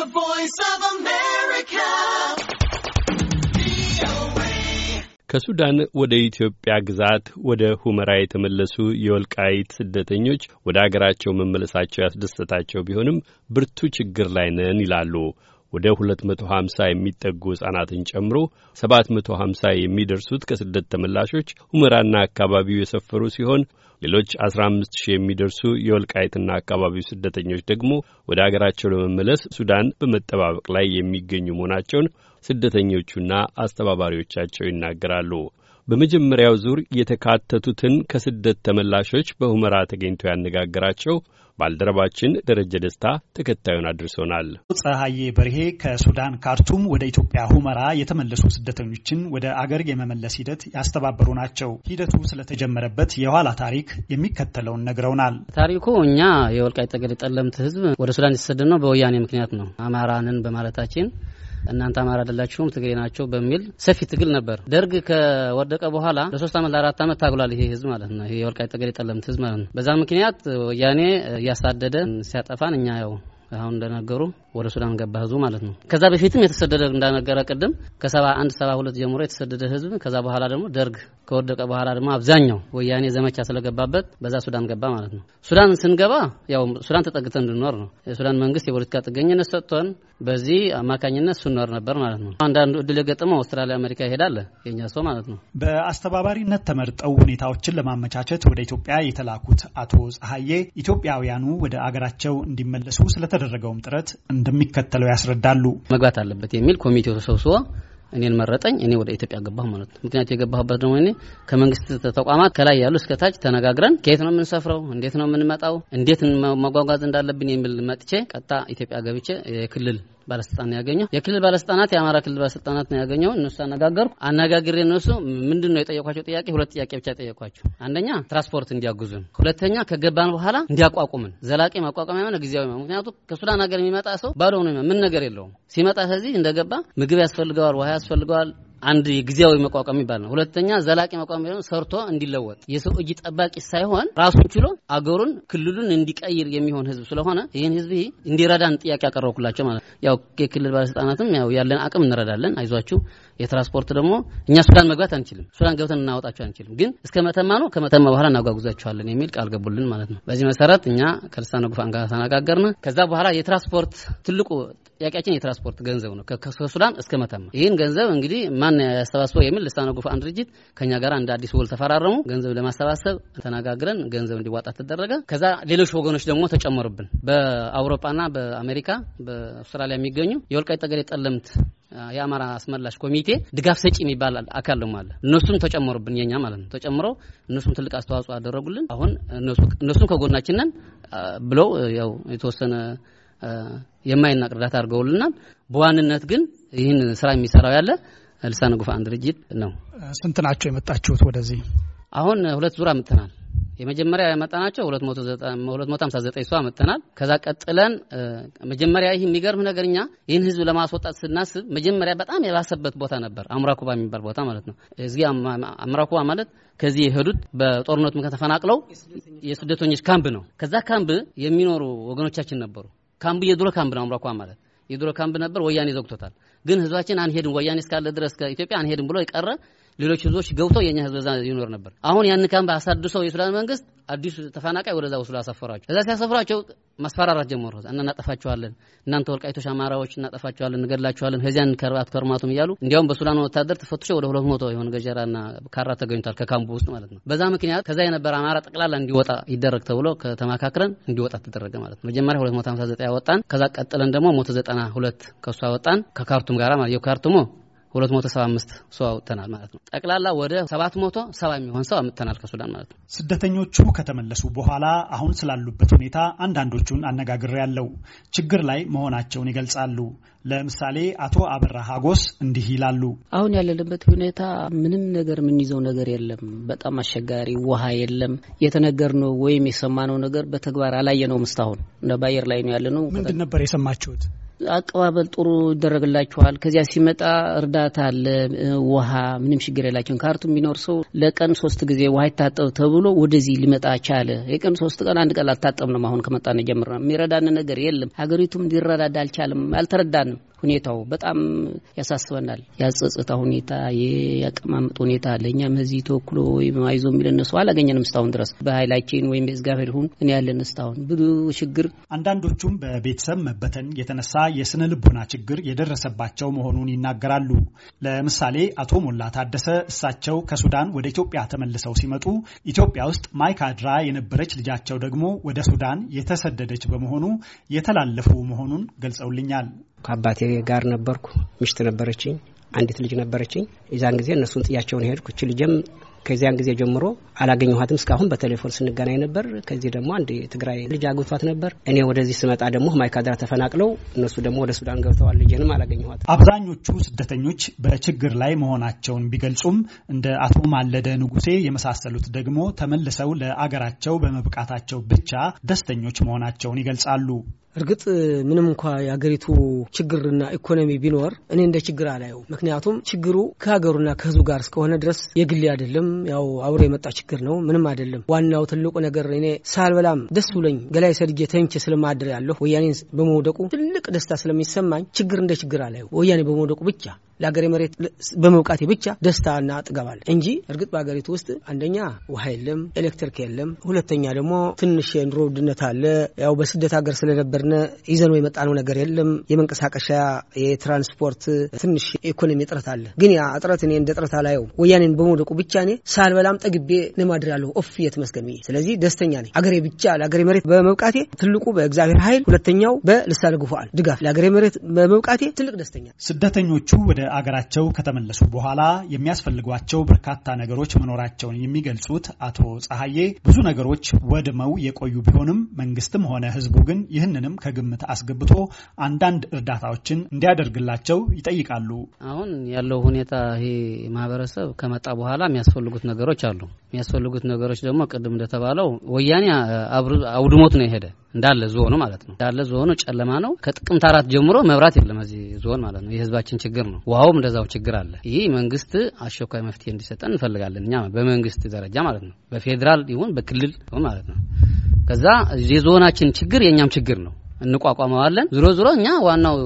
The Voice of America. ከሱዳን ወደ ኢትዮጵያ ግዛት ወደ ሁመራ የተመለሱ የወልቃይት ስደተኞች ወደ አገራቸው መመለሳቸው ያስደሰታቸው ቢሆንም ብርቱ ችግር ላይ ነን ይላሉ። ወደ 250 የሚጠጉ ሕጻናትን ጨምሮ 750 የሚደርሱት ከስደት ተመላሾች ሁመራና አካባቢው የሰፈሩ ሲሆን ሌሎች 15 ሺህ የሚደርሱ የወልቃይትና አካባቢው ስደተኞች ደግሞ ወደ አገራቸው ለመመለስ ሱዳን በመጠባበቅ ላይ የሚገኙ መሆናቸውን ስደተኞቹና አስተባባሪዎቻቸው ይናገራሉ። በመጀመሪያው ዙር የተካተቱትን ከስደት ተመላሾች በሁመራ ተገኝቶ ያነጋገራቸው ባልደረባችን ደረጀ ደስታ ተከታዩን አድርሶናል። ፀሐዬ በርሄ ከሱዳን ካርቱም ወደ ኢትዮጵያ ሁመራ የተመለሱ ስደተኞችን ወደ አገር የመመለስ ሂደት ያስተባበሩ ናቸው። ሂደቱ ስለተጀመረበት የኋላ ታሪክ የሚከተለውን ነግረውናል። ታሪኩ እኛ የወልቃይት ጠገዴ ጠለምት ህዝብ ወደ ሱዳን የተሰደድነው በወያኔ ምክንያት ነው። አማራንን በማለታችን እናንተ አማራ አይደላችሁም ትግሬ ናቸው በሚል ሰፊ ትግል ነበር። ደርግ ከወደቀ በኋላ ለሶስት ዓመት ለአራት ዓመት ታግሏል። ይሄ ህዝብ ማለት ነው። ይሄ የወልቃይት ጠገዴ የጠለምት ህዝብ ማለት ነው። በዛ ምክንያት ወያኔ እያሳደደ ሲያጠፋን እኛ ያው አሁን እንደነገሩ ወደ ሱዳን ገባ ህዝቡ ማለት ነው። ከዛ በፊትም የተሰደደ እንዳነገረ ቅድም ከሰባ አንድ ሰባ ሁለት ጀምሮ የተሰደደ ህዝብ ከዛ በኋላ ደግሞ ደርግ ከወደቀ በኋላ ደግሞ አብዛኛው ወያኔ ዘመቻ ስለገባበት በዛ ሱዳን ገባ ማለት ነው። ሱዳን ስንገባ ያው ሱዳን ተጠግተን እንድንኖር ነው። የሱዳን መንግስት የፖለቲካ ጥገኝነት ሰጥቶን በዚህ አማካኝነት ስንኖር ነበር ማለት ነው። አንዳንዱ እድል የገጠመው አውስትራሊያ፣ አሜሪካ ይሄዳል የኛ ሰው ማለት ነው። በአስተባባሪነት ተመርጠው ሁኔታዎችን ለማመቻቸት ወደ ኢትዮጵያ የተላኩት አቶ ጸሐዬ ኢትዮጵያውያኑ ወደ አገራቸው እንዲመለሱ ስለተ የተደረገውም ጥረት እንደሚከተለው ያስረዳሉ። መግባት አለበት የሚል ኮሚቴው ተሰብስቦ እኔን መረጠኝ። እኔ ወደ ኢትዮጵያ ገባሁ ማለት ነው። ምክንያቱ የገባሁበት ደግሞ እኔ ከመንግስት ተቋማት ከላይ ያሉ እስከ ታች ተነጋግረን ከየት ነው የምንሰፍረው፣ እንዴት ነው የምንመጣው፣ እንዴት መጓጓዝ እንዳለብን የሚል መጥቼ ቀጥታ ኢትዮጵያ ገብቼ የክልል ባለስልጣን ያገኘው የክልል ባለስልጣናት የአማራ ክልል ባለስልጣናት ነው ያገኘው። እነሱ አነጋገርኩ። አነጋግሬ እነሱ ምንድን ነው የጠየኳቸው ጥያቄ ሁለት ጥያቄ ብቻ ጠየኳቸው። አንደኛ ትራንስፖርት እንዲያግዙን፣ ሁለተኛ ከገባን በኋላ እንዲያቋቁምን ዘላቂ ማቋቋሚያ ሆነ ጊዜያዊ ምክንያቱም ከሱዳን ሀገር የሚመጣ ሰው ባዶ ነው፣ ምን ነገር የለውም። ሲመጣ ስለዚህ እንደገባ ምግብ ያስፈልገዋል፣ ውሃ ያስፈልገዋል አንድ ጊዜያዊ መቋቋም የሚባል ነው። ሁለተኛ ዘላቂ መቋቋም የሚባለው ሰርቶ እንዲለወጥ የሰው እጅ ጠባቂ ሳይሆን ራሱን ችሎ አገሩን ክልሉን እንዲቀይር የሚሆን ህዝብ ስለሆነ ይህን ህዝብ እንዲረዳን ጥያቄ ያቀረብኩላቸው ማለት ነው። ያው የክልል ባለስልጣናትም ያው ያለን አቅም እንረዳለን፣ አይዟችሁ። የትራንስፖርት ደግሞ እኛ ሱዳን መግባት አንችልም፣ ሱዳን ገብተን እናወጣቸው አንችልም፣ ግን እስከ መተማ ነው፣ ከመተማ በኋላ እናጓጉዛቸዋለን የሚል ቃል ገቡልን ማለት ነው። በዚህ መሰረት እኛ ከልሳነ ጉፋን ጋር ተነጋገርን። ከዛ በኋላ የትራንስፖርት ትልቁ ጥያቄያችን የትራንስፖርት ገንዘብ ነው፣ ከሱዳን እስከ መተማ ይህን ገንዘብ እንግዲህ ምሁራን ያሰባስበው የሚል ልሳነ ጉፋን ድርጅት ከኛ ጋር እንደ አዲስ ውል ተፈራረሙ። ገንዘብ ለማሰባሰብ ተነጋግረን ገንዘብ እንዲዋጣ ተደረገ። ከዛ ሌሎች ወገኖች ደግሞ ተጨመሩብን። በአውሮፓና በአሜሪካ በአውስትራሊያ የሚገኙ የወልቃይት ጠገዴ ጠለምት የአማራ አስመላሽ ኮሚቴ ድጋፍ ሰጪ የሚባል አካል ነው አለ። እነሱም ተጨመሩብን የኛ ማለት ነው ተጨምረው እነሱም ትልቅ አስተዋጽኦ አደረጉልን። አሁን እነሱም ከጎናችንን ብለው ያው የተወሰነ የማይናቅ እርዳታ አድርገውልናል። በዋንነት ግን ይህን ስራ የሚሰራው ያለ ልሳነ ጉፋን ድርጅት ነው። ስንት ናቸው የመጣችሁት ወደዚህ? አሁን ሁለት ዙር አምጥተናል። የመጀመሪያ ያመጣናቸው 259 ሰው አመጣናል። ከዛ ቀጥለን መጀመሪያ ይህ የሚገርም ነገርኛ ይህን ህዝብ ለማስወጣት ስናስብ መጀመሪያ በጣም የባሰበት ቦታ ነበር፣ አምራኩባ የሚባል ቦታ ማለት ነው። እዚህ አምራኩባ ማለት ከዚህ የሄዱት በጦርነቱ ምክንያት ተፈናቅለው የስደተኞች ካምፕ ነው። ከዛ ካምፕ የሚኖሩ ወገኖቻችን ነበሩ። ካምብ የድሮ ካምብ ነው አምራኩባ ማለት የድሮ ካምፕ ነበር። ወያኔ ዘግቶታል። ግን ህዝባችን አንሄድም ወያኔ እስካለ ድረስ ከኢትዮጵያ አንሄድም ብሎ የቀረ ሌሎች ህዝቦች ገብተው የኛ ህዝብ እዛ ይኖር ነበር። አሁን ያን ካምፕ አሳድሰው የሱዳን መንግስት አዲሱ ተፈናቃይ ወደዛ ወስዶ አሳፈሯቸው። እዛ ሲያሳፈራቸው ማስፈራራት ጀመሩ። እናጠፋቸዋለን፣ እናንተ ወልቃይቶች አማራዎች እናጠፋቸዋለን፣ እንገድላቸዋለን፣ ከዚያን ከርባት ከርማቱም እያሉ እንዲያውም በሱዳን ወታደር ተፈትሾ ወደ ሁለት መቶ የሆነ ገጀራና ካራ ተገኝቷል ከካምፕ ውስጥ ማለት ነው። በዛ ምክንያት ከዛ የነበረ አማራ ጠቅላላ እንዲወጣ ይደረግ ተብሎ ከተማካክረን እንዲወጣ ተደረገ ማለት ነው። መጀመሪያ 259 አወጣን። ከዛ ቀጥለን ደግሞ 192 ከሱ አወጣን ከካርቱም ጋራ ማለት የካርቱሞ 275 ሰው አውጥተናል ማለት ነው። ጠቅላላ ወደ 770 የሚሆን ሰው አምጥተናል ከሱዳን ማለት ነው። ስደተኞቹ ከተመለሱ በኋላ አሁን ስላሉበት ሁኔታ አንዳንዶቹን አነጋግሬ ያለው ችግር ላይ መሆናቸውን ይገልጻሉ። ለምሳሌ አቶ አበራ ሀጎስ እንዲህ ይላሉ። አሁን ያለንበት ሁኔታ ምንም ነገር የምንይዘው ነገር የለም። በጣም አስቸጋሪ፣ ውሃ የለም። የተነገርነው ወይም የሰማነው ነገር በተግባር አላየነውም። እስካሁን እንደ ባየር ላይ ነው ያለነው። ምንድን ነበር የሰማችሁት? አቀባበል ጥሩ ይደረግላችኋል። ከዚያ ሲመጣ እርዳታ አለ፣ ውሃ፣ ምንም ችግር የላቸውም። ካርቱም የሚኖር ሰው ለቀን ሶስት ጊዜ ውሃ ይታጠብ ተብሎ ወደዚህ ሊመጣ ቻለ። የቀን ሶስት ቀን አንድ ቀን አልታጠብንም። አሁን ከመጣን ጀምረ የሚረዳን ነገር የለም። ሀገሪቱም ሊረዳዳ አልቻለም፣ አልተረዳንም። ሁኔታው በጣም ያሳስበናል። ያጸጽታ ሁኔታ፣ የአቀማመጥ ሁኔታ ለእኛም ህዚህ ተወክሎ ወይም አይዞ የሚለን ሰው አላገኘንም እስካሁን ድረስ በኃይላችን ወይም በእግዚአብሔር ሁን እኔ ያለን እስካሁን ብዙ ችግር። አንዳንዶቹም በቤተሰብ መበተን የተነሳ የስነ ልቦና ችግር የደረሰባቸው መሆኑን ይናገራሉ። ለምሳሌ አቶ ሞላ ታደሰ እሳቸው ከሱዳን ወደ ኢትዮጵያ ተመልሰው ሲመጡ ኢትዮጵያ ውስጥ ማይካድራ የነበረች ልጃቸው ደግሞ ወደ ሱዳን የተሰደደች በመሆኑ የተላለፉ መሆኑን ገልጸውልኛል። ከአባቴ ጋር ነበርኩ። ምሽት ነበረችኝ፣ አንዲት ልጅ ነበረችኝ። የዛን ጊዜ እነሱን ጥያቸውን ሄድኩ። እች ልጅም ከዚያን ጊዜ ጀምሮ አላገኘኋትም። እስካሁን በቴሌፎን ስንገናኝ ነበር። ከዚህ ደግሞ አንድ የትግራይ ልጅ አግብቷት ነበር። እኔ ወደዚህ ስመጣ ደግሞ ማይካድራ ተፈናቅለው እነሱ ደግሞ ወደ ሱዳን ገብተዋል። ልጅንም አላገኘኋትም። አብዛኞቹ ስደተኞች በችግር ላይ መሆናቸውን ቢገልጹም እንደ አቶ ማለደ ንጉሴ የመሳሰሉት ደግሞ ተመልሰው ለአገራቸው በመብቃታቸው ብቻ ደስተኞች መሆናቸውን ይገልጻሉ። እርግጥ ምንም እንኳ የአገሪቱ ችግርና ኢኮኖሚ ቢኖር እኔ እንደ ችግር አላየው። ምክንያቱም ችግሩ ከሀገሩና ከህዝቡ ጋር እስከሆነ ድረስ የግሌ አይደለም፣ ያው አብሮ የመጣ ችግር ነው። ምንም አይደለም። ዋናው ትልቁ ነገር እኔ ሳልበላም ደስ ብሎኝ ገላይ ሰድጄ ተኝቼ ስለማድር ያለሁ ወያኔ በመውደቁ ትልቅ ደስታ ስለሚሰማኝ ችግር እንደ ችግር አላየው። ወያኔ በመውደቁ ብቻ ለሀገሬ መሬት በመብቃቴ ብቻ ደስታና ጥገባል እንጂ እርግጥ በሀገሪቱ ውስጥ አንደኛ ውሃ የለም፣ ኤሌክትሪክ የለም። ሁለተኛ ደግሞ ትንሽ የኑሮ ውድነት አለ። ያው በስደት ሀገር ስለነበርነ ይዘነው የመጣነው ነገር የለም። የመንቀሳቀሻ የትራንስፖርት ትንሽ ኢኮኖሚ እጥረት አለ። ግን ያ እጥረት እኔ እንደ እጥረት አላየው። ወያኔን በመውደቁ ብቻ እኔ ሳልበላም ጠግቤ ያለሁ ኦፍ የተመስገን ብዬ ስለዚህ ደስተኛ ነኝ። አገሬ ብቻ ለአገሬ መሬት በመብቃቴ ትልቁ በእግዚአብሔር ኃይል፣ ሁለተኛው በልሳነ ጉፉዓን ድጋፍ ለአገሬ መሬት በመብቃቴ ትልቅ ደስተኛ። ስደተኞቹ ወደ አገራቸው ከተመለሱ በኋላ የሚያስፈልጓቸው በርካታ ነገሮች መኖራቸውን የሚገልጹት አቶ ጸሐዬ ብዙ ነገሮች ወድመው የቆዩ ቢሆንም መንግስትም ሆነ ህዝቡ ግን ይህንንም ከግምት አስገብቶ አንዳንድ እርዳታዎችን እንዲያደርግላቸው ይጠይቃሉ። አሁን ያለው ሁኔታ ይሄ ማህበረሰብ ከመጣ በኋላ የሚያስፈልጉት ነገሮች አሉ። የሚያስፈልጉት ነገሮች ደግሞ ቅድም እንደተባለው ወያኔ አውድሞት ነው የሄደ እንዳለ ዞኑ ማለት ነው። እንዳለ ዞኑ ጨለማ ነው። ከጥቅምት አራት ጀምሮ መብራት የለም እዚህ ዞን ማለት ነው። የህዝባችን ችግር ነው። ውሃውም እንደዛው ችግር አለ። ይህ መንግስት አስቸኳይ መፍትሄ እንዲሰጠን እንፈልጋለን። እኛ በመንግስት ደረጃ ማለት ነው፣ በፌዴራል ይሁን በክልል ማለት ነው። ከዛ የዞናችን ችግር የእኛም ችግር ነው። እንቋቋመዋለን። ዝሮ ዝሮ እኛ ዋናው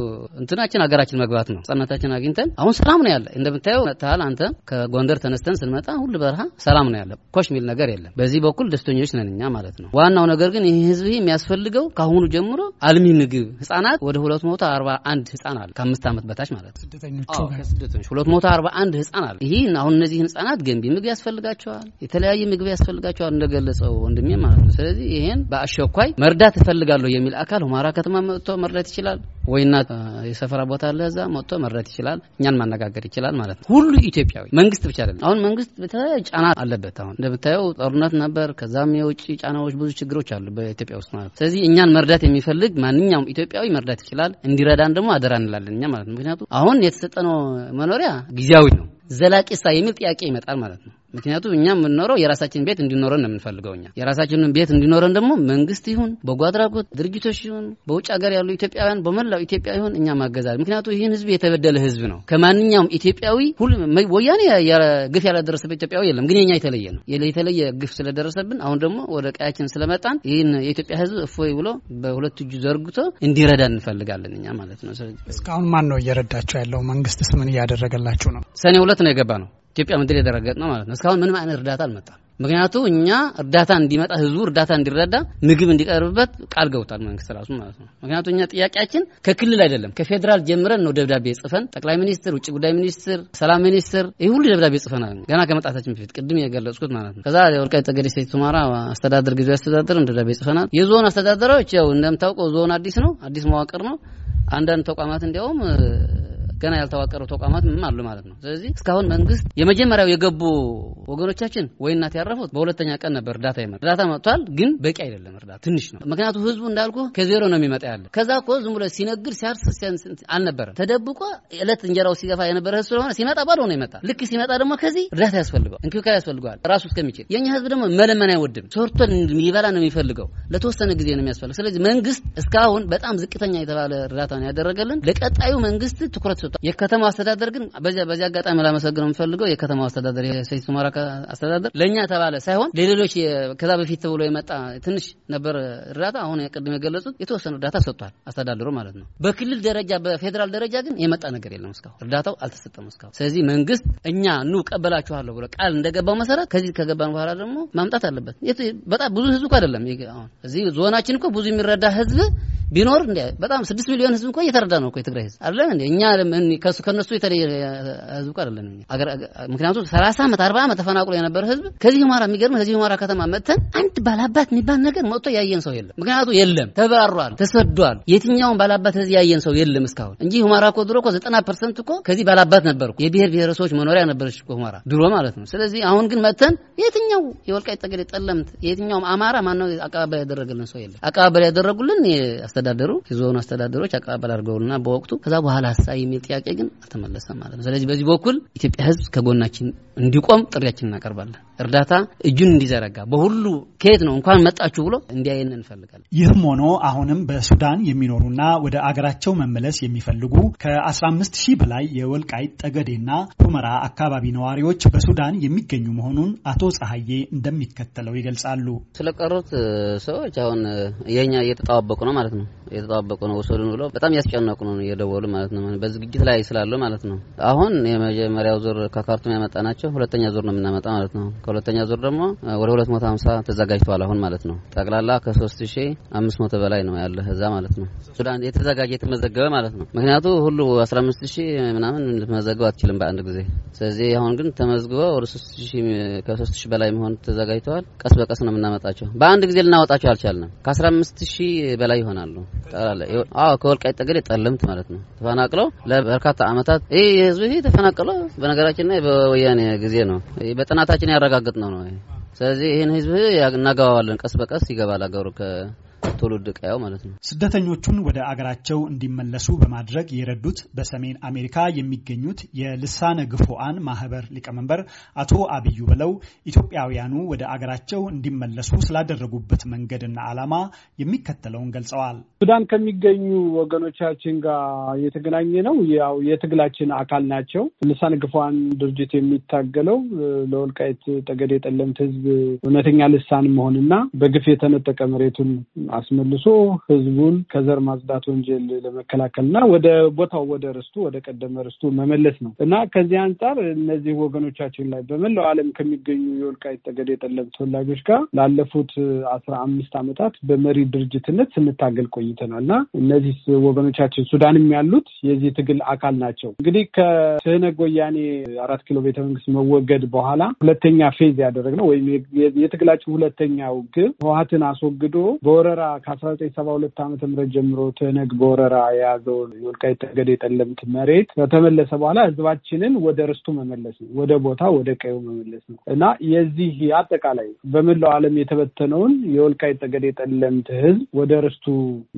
እንትናችን ሀገራችን መግባት ነው። ነጻነታችን አግኝተን አሁን ሰላም ነው ያለ። እንደምታየው መጥተሃል አንተ። ከጎንደር ተነስተን ስንመጣ ሁሉ በረሃ ሰላም ነው ያለ። ኮሽ የሚል ነገር የለም። በዚህ በኩል ደስተኞች ነን እኛ ማለት ነው። ዋናው ነገር ግን ይህ ህዝብ የሚያስፈልገው ከአሁኑ ጀምሮ አልሚ ምግብ ህጻናት ወደ ሁለት መቶ አርባ አንድ ህጻን አለ ከአምስት ዓመት በታች ማለት ስደተኞች ሁለት መቶ አርባ አንድ ህጻን አለ። ይህ አሁን እነዚህን ህጻናት ገንቢ ምግብ ያስፈልጋቸዋል። የተለያየ ምግብ ያስፈልጋቸዋል እንደገለጸው ወንድሜ ማለት ነው። ስለዚህ ይህን በአስቸኳይ መርዳት እፈልጋለሁ የሚል አካል አማራ ከተማ መጥቶ መርዳት ይችላል፣ ወይና የሰፈራ ቦታ አለ እዛ መጥቶ መረት ይችላል፣ እኛን ማነጋገር ይችላል ማለት ነው። ሁሉ ኢትዮጵያዊ መንግስት ብቻ አይደለም። አሁን መንግስት ጫና አለበት። አሁን እንደምታየው ጦርነት ነበር፣ ከዛም የውጭ ጫናዎች፣ ብዙ ችግሮች አሉ በኢትዮጵያ ውስጥ ማለት ነው። ስለዚህ እኛን መርዳት የሚፈልግ ማንኛውም ኢትዮጵያዊ መርዳት ይችላል። እንዲረዳን ደግሞ አደራ እንላለን እኛ ማለት ነው። ምክንያቱም አሁን የተሰጠነው መኖሪያ ጊዜያዊ ነው። ዘላቂሳ የሚል ጥያቄ ይመጣል ማለት ነው። ምክንያቱም እኛ የምንኖረው የራሳችን ቤት እንዲኖረን ነው የምንፈልገው። እኛ የራሳችንን ቤት እንዲኖረን ደግሞ መንግስት ይሁን በጎ አድራጎት ድርጅቶች ይሁን በውጭ ሀገር ያሉ ኢትዮጵያውያን በመላው ኢትዮጵያ ይሁን እኛ ማገዛል። ምክንያቱም ይህን ህዝብ የተበደለ ህዝብ ነው። ከማንኛውም ኢትዮጵያዊ ሁሉ ወያኔ ግፍ ያላደረሰበት ኢትዮጵያዊ የለም። ግን የኛ የተለየ ነው። የተለየ ግፍ ስለደረሰብን አሁን ደግሞ ወደ ቀያችን ስለመጣን ይህን የኢትዮጵያ ህዝብ እፎይ ብሎ በሁለት እጁ ዘርግቶ እንዲረዳ እንፈልጋለን እኛ ማለት ነው። እስካሁን ማን ነው እየረዳቸው ያለው? መንግስትስ ምን እያደረገላችሁ ነው? ሰኔ በቅጽበት ነው የገባ ነው። ኢትዮጵያ ምድር የደረገጥ ነው ማለት ነው። እስካሁን ምንም አይነት እርዳታ አልመጣም። ምክንያቱ እኛ እርዳታ እንዲመጣ ህዝቡ እርዳታ እንዲረዳ ምግብ እንዲቀርብበት ቃል ገብቷል መንግስት ራሱ ማለት ነው። ምክንያቱ እኛ ጥያቄያችን ከክልል አይደለም ከፌዴራል ጀምረን ነው ደብዳቤ ጽፈን ጠቅላይ ሚኒስትር፣ ውጭ ጉዳይ ሚኒስትር፣ ሰላም ሚኒስትር ይህ ሁሉ ደብዳቤ ጽፈናል ገና ከመጣታችን በፊት ቅድም የገለጽኩት ማለት ነው። ከዛ የወልቃይት ጠገዴ ሰቲት ሁመራ አስተዳደር ጊዜ አስተዳደር ደብዳቤ ጽፈናል። የዞን አስተዳደሮች ያው እንደምታውቀው ዞን አዲስ ነው አዲስ መዋቅር ነው አንዳንድ ተቋማት እንዲያውም ገና ያልተዋቀሩ ተቋማት ምንም አሉ ማለት ነው። ስለዚህ እስካሁን መንግስት የመጀመሪያው የገቡ ወገኖቻችን ወይ እናት ያረፉት በሁለተኛ ቀን ነበር እርዳታ ይመጣ እርዳታ መጥቷል፣ ግን በቂ አይደለም። እርዳታ ትንሽ ነው። ምክንያቱ ህዝቡ እንዳልኩ ከዜሮ ነው የሚመጣ ያለ። ከዛ እኮ ዝም ብሎ ሲነግር ሲያርስ አልነበረም። ተደብቆ እለት እንጀራው ሲገፋ የነበረ ህዝብ ስለሆነ ሲመጣ ባዶ ነው ይመጣ። ልክ ሲመጣ ደግሞ ከዚህ እርዳታ ያስፈልገዋል፣ እንክብካቤ ያስፈልገዋል ራሱ እስከሚችል። የእኛ ህዝብ ደግሞ መለመን አይወድም። ሰርቶ ሊበላ ነው የሚፈልገው። ለተወሰነ ጊዜ ነው የሚያስፈልግ። ስለዚህ መንግስት እስካሁን በጣም ዝቅተኛ የተባለ እርዳታ ነው ያደረገልን። ለቀጣዩ መንግስት ትኩረት ሰጥቷል። የከተማው አስተዳደር ግን በዚህ አጋጣሚ ላመሰግነው የምፈልገው የከተማው አስተዳደር የሰይድ ሁመራ አስተዳደር ለእኛ ተባለ ሳይሆን ለሌሎች ከዛ በፊት ተብሎ የመጣ ትንሽ ነበር እርዳታ። አሁን ቅድም የገለጹት የተወሰነ እርዳታ ሰጥቷል አስተዳደሩ ማለት ነው። በክልል ደረጃ በፌዴራል ደረጃ ግን የመጣ ነገር የለም እስካሁን እርዳታው አልተሰጠም እስካሁን። ስለዚህ መንግስት እኛ ኑ ቀበላችኋለሁ ብሎ ቃል እንደገባው መሰረት ከዚህ ከገባን በኋላ ደግሞ ማምጣት አለበት። በጣም ብዙ ህዝብ እኮ አይደለም አሁን እዚህ ዞናችን እኮ ብዙ የሚረዳ ህዝብ ቢኖር እንደ በጣም ስድስት ሚሊዮን ህዝብ እኮ እየተረዳ ነው እኮ የትግራይ ህዝብ አይደለም እንዴ? እኛ ከሱ ከነሱ የተለየ ህዝብ እኮ አገር ምክንያቱም 30 ዓመት 40 ዓመት ተፈናቅሎ የነበረ ህዝብ ከዚህ ማራ የሚገርም ከዚህ ማራ ከተማ መጥተን አንድ ባላባት የሚባል ነገር መጥቶ ያየን ሰው የለም። ምክንያቱ የለም፣ ተባሯል፣ ተሰዷል። የትኛውን ባላባት ህዝብ ያየን ሰው የለም እስካሁን እንጂ ሁማራ እኮ ድሮ እኮ 90% እኮ ከዚህ ባላባት ነበር እኮ የብሔር ብሔረሰቦች መኖሪያ ነበረች እኮ ሁማራ ድሮ ማለት ነው። ስለዚህ አሁን ግን መጥተን የትኛው የወልቃይት ጠገዴ፣ ጠለምት የትኛውም አማራ ማነው አቀባበል ያደረገልን ሰው የለም። አቀባበል ያደረጉልን አስተዳደሩ የዞኑ አስተዳደሮች አቀባበል አድርገውና በወቅቱ ከዛ በኋላ ሀሳብ የሚል ጥያቄ ግን አልተመለሰም ማለት ነው። ስለዚህ በዚህ በኩል ኢትዮጵያ ሕዝብ ከጎናችን እንዲቆም ጥሪያችን እናቀርባለን። እርዳታ እጁን እንዲዘረጋ በሁሉ ከየት ነው እንኳን መጣችሁ ብሎ እንዲያየን እንፈልጋለን። ይህም ሆኖ አሁንም በሱዳን የሚኖሩና ወደ አገራቸው መመለስ የሚፈልጉ ከ15 ሺህ በላይ የወልቃይት ጠገዴና ሁመራ አካባቢ ነዋሪዎች በሱዳን የሚገኙ መሆኑን አቶ ጸሐዬ እንደሚከተለው ይገልጻሉ። ስለቀሩት ሰዎች አሁን የኛ እየተጣዋበቁ ነው ማለት ነው። የተጠባበቁ ነው ወሰዱን ብሎ በጣም እያስጨነቁ ነው እየደወሉ ማለት ነው። በዝግጅት ላይ ስላለው ማለት ነው። አሁን የመጀመሪያው ዙር ከካርቱም ያመጣ ናቸው። ሁለተኛ ዙር ነው የምናመጣ ማለት ነው። ከሁለተኛ ዙር ደግሞ ወደ 250 ተዘጋጅተዋል አሁን ማለት ነው። ጠቅላላ ከ3500 በላይ ነው ያለ እዛ ማለት ነው። ሱዳን የተዘጋጀ የተመዘገበ ማለት ነው። ምክንያቱ ሁሉ 15000 ምናምን ልትመዘገብ አትችልም በአንድ ጊዜ። ስለዚህ አሁን ግን ተመዝግበ ወደ 3000 ከ3000 በላይ መሆን ተዘጋጅተዋል። ቀስ በቀስ ነው የምናመጣቸው። በአንድ ጊዜ ልናወጣቸው አልቻልንም። ከ15000 በላይ ይሆናሉ። ይጠራሉ። ይጠራለ አዎ፣ ከወልቃይት ጠገዴ ጠለምት ማለት ነው። ተፈናቅለው ለበርካታ አመታት ይህ ህዝብ ተፈናቅለው በነገራችን ላይ በወያኔ ጊዜ ነው። በጥናታችን ያረጋግጥ ነው ነው። ስለዚህ ይህን ህዝብ እናገባዋለን፣ ቀስ በቀስ ይገባል አገሩ ትውልድ ቀያው ማለት ነው። ስደተኞቹን ወደ አገራቸው እንዲመለሱ በማድረግ የረዱት በሰሜን አሜሪካ የሚገኙት የልሳነ ግፎአን ማህበር ሊቀመንበር አቶ አብዩ በለው ኢትዮጵያውያኑ ወደ አገራቸው እንዲመለሱ ስላደረጉበት መንገድና ዓላማ የሚከተለውን ገልጸዋል። ሱዳን ከሚገኙ ወገኖቻችን ጋር የተገናኘ ነው። ያው የትግላችን አካል ናቸው። ልሳነ ግፎአን ድርጅት የሚታገለው ለወልቃይት ጠገዴ ጠለምት ህዝብ እውነተኛ ልሳን መሆንና በግፍ የተነጠቀ መሬቱን አስመልሶ ህዝቡን ከዘር ማጽዳት ወንጀል ለመከላከል እና ወደ ቦታው ወደ ርስቱ ወደ ቀደመ ርስቱ መመለስ ነው እና ከዚህ አንጻር እነዚህ ወገኖቻችን ላይ በመላው ዓለም ከሚገኙ የወልቃይት ጠገዴ የጠለም ተወላጆች ጋር ላለፉት አስራ አምስት ዓመታት በመሪ ድርጅትነት ስንታገል ቆይተናል እና እነዚህ ወገኖቻችን ሱዳንም ያሉት የዚህ ትግል አካል ናቸው። እንግዲህ ከስህነግ ወያኔ አራት ኪሎ ቤተ መንግስት መወገድ በኋላ ሁለተኛ ፌዝ ያደረግነው ወይም የትግላችን ሁለተኛው ግብ ህወሀትን አስወግዶ በወረራ ወረራ ከአስራ ዘጠኝ ሰባ ሁለት ዓመተ ምህረት ጀምሮ ትህነግ በወረራ የያዘውን የወልቃይት ጠገዴ የጠለምት መሬት ከተመለሰ በኋላ ህዝባችንን ወደ ርስቱ መመለስ ነው፣ ወደ ቦታ ወደ ቀዩ መመለስ ነው እና የዚህ አጠቃላይ በመላው ዓለም የተበተነውን የወልቃይት ጠገዴ የጠለምት ህዝብ ወደ ርስቱ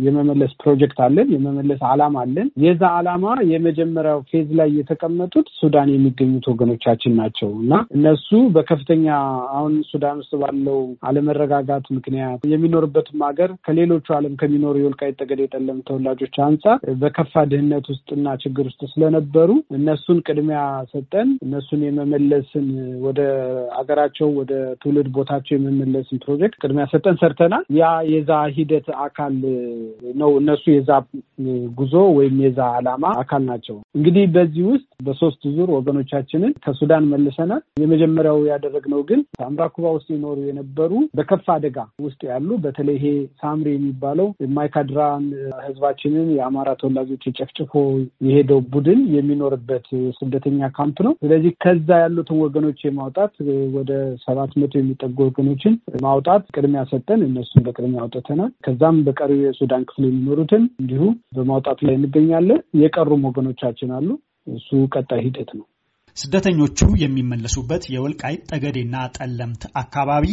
የመመለስ ፕሮጀክት አለን፣ የመመለስ አላማ አለን። የዛ አላማ የመጀመሪያው ፌዝ ላይ የተቀመጡት ሱዳን የሚገኙት ወገኖቻችን ናቸው እና እነሱ በከፍተኛ አሁን ሱዳን ውስጥ ባለው አለመረጋጋት ምክንያት የሚኖርበትም ሀገር ከሌሎቹ ዓለም ከሚኖሩ የወልቃይት ጠገዴ ጠለም ተወላጆች አንጻር በከፋ ድህነት ውስጥና ችግር ውስጥ ስለነበሩ እነሱን ቅድሚያ ሰጠን እነሱን የመመለስን ወደ አገራቸው ወደ ትውልድ ቦታቸው የመመለስን ፕሮጀክት ቅድሚያ ሰጠን ሰርተናል። ያ የዛ ሂደት አካል ነው። እነሱ የዛ ጉዞ ወይም የዛ ዓላማ አካል ናቸው። እንግዲህ በዚህ ውስጥ በሶስት ዙር ወገኖቻችንን ከሱዳን መልሰናል። የመጀመሪያው ያደረግነው ግን አምራኩባ ውስጥ ይኖሩ የነበሩ በከፋ አደጋ ውስጥ ያሉ በተለይ ይሄ ሳምሪ የሚባለው የማይካድራን ህዝባችንን የአማራ ተወላጆች የጨፍጭፎ የሄደው ቡድን የሚኖርበት ስደተኛ ካምፕ ነው። ስለዚህ ከዛ ያሉትን ወገኖች የማውጣት ወደ ሰባት መቶ የሚጠጉ ወገኖችን ማውጣት ቅድሚያ ሰጠን። እነሱን በቅድሚያ አውጥተናል። ከዛም በቀሪው የሱዳን ክፍል የሚኖሩትን እንዲሁ በማውጣት ላይ እንገኛለን። የቀሩም ወገኖቻችን አሉ። እሱ ቀጣይ ሂደት ነው። ስደተኞቹ የሚመለሱበት የወልቃይት ጠገዴና ጠለምት አካባቢ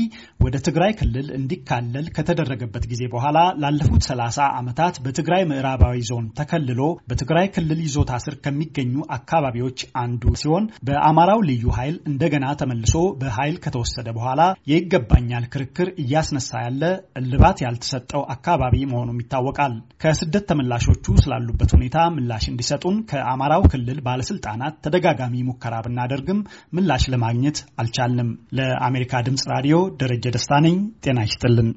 ወደ ትግራይ ክልል እንዲካለል ከተደረገበት ጊዜ በኋላ ላለፉት 30 ዓመታት በትግራይ ምዕራባዊ ዞን ተከልሎ በትግራይ ክልል ይዞታ ስር ከሚገኙ አካባቢዎች አንዱ ሲሆን በአማራው ልዩ ኃይል እንደገና ተመልሶ በኃይል ከተወሰደ በኋላ የይገባኛል ክርክር እያስነሳ ያለ እልባት ያልተሰጠው አካባቢ መሆኑም ይታወቃል። ከስደት ተመላሾቹ ስላሉበት ሁኔታ ምላሽ እንዲሰጡን ከአማራው ክልል ባለስልጣናት ተደጋጋሚ ሙከራ ሙከራ ብናደርግም ምላሽ ለማግኘት አልቻልንም። ለአሜሪካ ድምፅ ራዲዮ ደረጀ ደስታ ነኝ። ጤና ይስጥልን።